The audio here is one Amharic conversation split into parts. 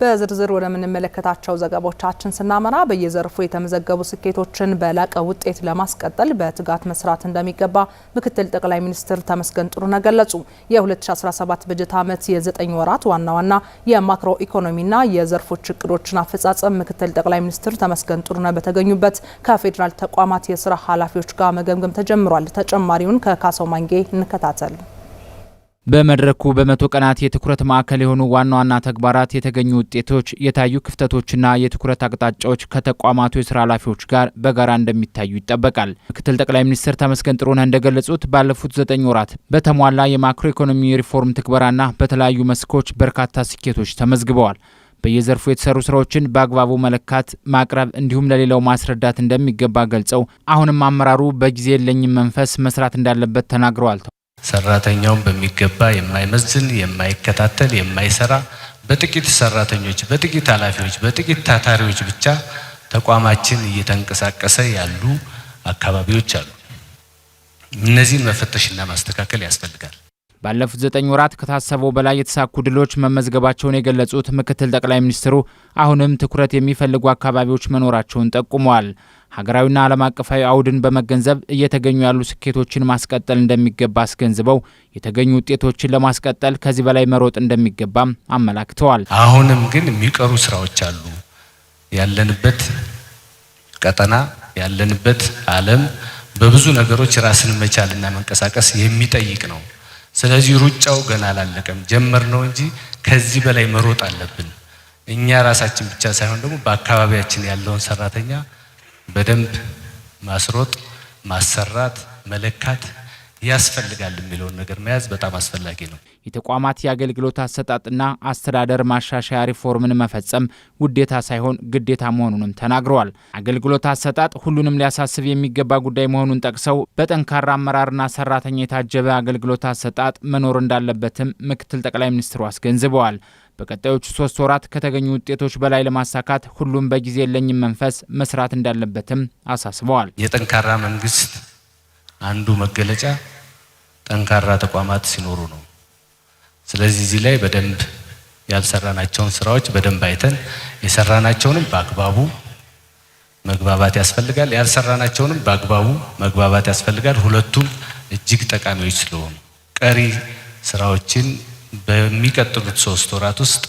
በዝርዝር ወደምንመለከታቸው ዘገባዎቻችን ስናመራ በየዘርፉ የተመዘገቡ ስኬቶችን በላቀ ውጤት ለማስቀጠል በትጋት መስራት እንደሚገባ ምክትል ጠቅላይ ሚኒስትር ተመስገን ጥሩነህ ገለጹ። የ2017 በጀት ዓመት የዘጠኝ ወራት ዋና ዋና የማክሮ ኢኮኖሚና የዘርፎች እቅዶችን አፈጻጸም ምክትል ጠቅላይ ሚኒስትር ተመስገን ጥሩነህ በተገኙበት ከፌዴራል ተቋማት የስራ ኃላፊዎች ጋር መገምገም ተጀምሯል። ተጨማሪውን ከካሰው ማንጌ እንከታተል። በመድረኩ በመቶ ቀናት የትኩረት ማዕከል የሆኑ ዋና ዋና ተግባራት፣ የተገኙ ውጤቶች፣ የታዩ ክፍተቶችና የትኩረት አቅጣጫዎች ከተቋማቱ የስራ ኃላፊዎች ጋር በጋራ እንደሚታዩ ይጠበቃል። ምክትል ጠቅላይ ሚኒስትር ተመስገን ጥሩነህ እንደገለጹት ባለፉት ዘጠኝ ወራት በተሟላ የማክሮ ኢኮኖሚ ሪፎርም ትግበራና በተለያዩ መስኮች በርካታ ስኬቶች ተመዝግበዋል። በየዘርፉ የተሰሩ ስራዎችን በአግባቡ መለካት፣ ማቅረብ እንዲሁም ለሌላው ማስረዳት እንደሚገባ ገልጸው አሁንም አመራሩ በጊዜ የለኝም መንፈስ መስራት እንዳለበት ተናግረዋል። ሰራተኛውን በሚገባ የማይመዝን፣ የማይከታተል፣ የማይሰራ በጥቂት ሰራተኞች፣ በጥቂት ኃላፊዎች፣ በጥቂት ታታሪዎች ብቻ ተቋማችን እየተንቀሳቀሰ ያሉ አካባቢዎች አሉ። እነዚህን መፈተሽና ማስተካከል ያስፈልጋል። ባለፉት ዘጠኝ ወራት ከታሰበው በላይ የተሳኩ ድሎች መመዝገባቸውን የገለጹት ምክትል ጠቅላይ ሚኒስትሩ አሁንም ትኩረት የሚፈልጉ አካባቢዎች መኖራቸውን ጠቁመዋል። ሀገራዊና ዓለም አቀፋዊ አውድን በመገንዘብ እየተገኙ ያሉ ስኬቶችን ማስቀጠል እንደሚገባ አስገንዝበው የተገኙ ውጤቶችን ለማስቀጠል ከዚህ በላይ መሮጥ እንደሚገባም አመላክተዋል። አሁንም ግን የሚቀሩ ስራዎች አሉ። ያለንበት ቀጠና ያለንበት ዓለም በብዙ ነገሮች ራስን መቻልና መንቀሳቀስ የሚጠይቅ ነው። ስለዚህ ሩጫው ገና አላለቀም፣ ጀመር ነው እንጂ ከዚህ በላይ መሮጥ አለብን። እኛ ራሳችን ብቻ ሳይሆን ደግሞ በአካባቢያችን ያለውን ሰራተኛ በደንብ ማስሮጥ፣ ማሰራት፣ መለካት ያስፈልጋል የሚለውን ነገር መያዝ በጣም አስፈላጊ ነው። የተቋማት የአገልግሎት አሰጣጥና አስተዳደር ማሻሻያ ሪፎርምን መፈጸም ውዴታ ሳይሆን ግዴታ መሆኑንም ተናግረዋል። አገልግሎት አሰጣጥ ሁሉንም ሊያሳስብ የሚገባ ጉዳይ መሆኑን ጠቅሰው በጠንካራ አመራርና ሰራተኛ የታጀበ አገልግሎት አሰጣጥ መኖር እንዳለበትም ምክትል ጠቅላይ ሚኒስትሩ አስገንዝበዋል። በቀጣዮቹ ሶስት ወራት ከተገኙ ውጤቶች በላይ ለማሳካት ሁሉም በጊዜ የለኝም መንፈስ መስራት እንዳለበትም አሳስበዋል። የጠንካራ መንግስት አንዱ መገለጫ ጠንካራ ተቋማት ሲኖሩ ነው። ስለዚህ እዚህ ላይ በደንብ ያልሰራናቸውን ስራዎች በደንብ አይተን የሰራናቸውንም በአግባቡ መግባባት ያስፈልጋል፣ ያልሰራናቸውንም በአግባቡ መግባባት ያስፈልጋል። ሁለቱም እጅግ ጠቃሚዎች ስለሆኑ ቀሪ ስራዎችን በሚቀጥሉት ሶስት ወራት ውስጥ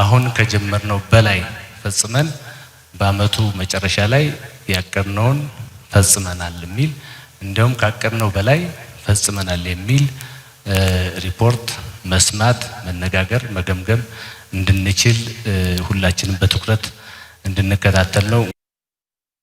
አሁን ከጀመርነው በላይ ፈጽመን በአመቱ መጨረሻ ላይ ያቀድነውን ፈጽመናል የሚል እንዲሁም ካቀድነው በላይ ፈጽመናል የሚል ሪፖርት መስማት፣ መነጋገር፣ መገምገም እንድንችል ሁላችንም በትኩረት እንድንከታተል ነው።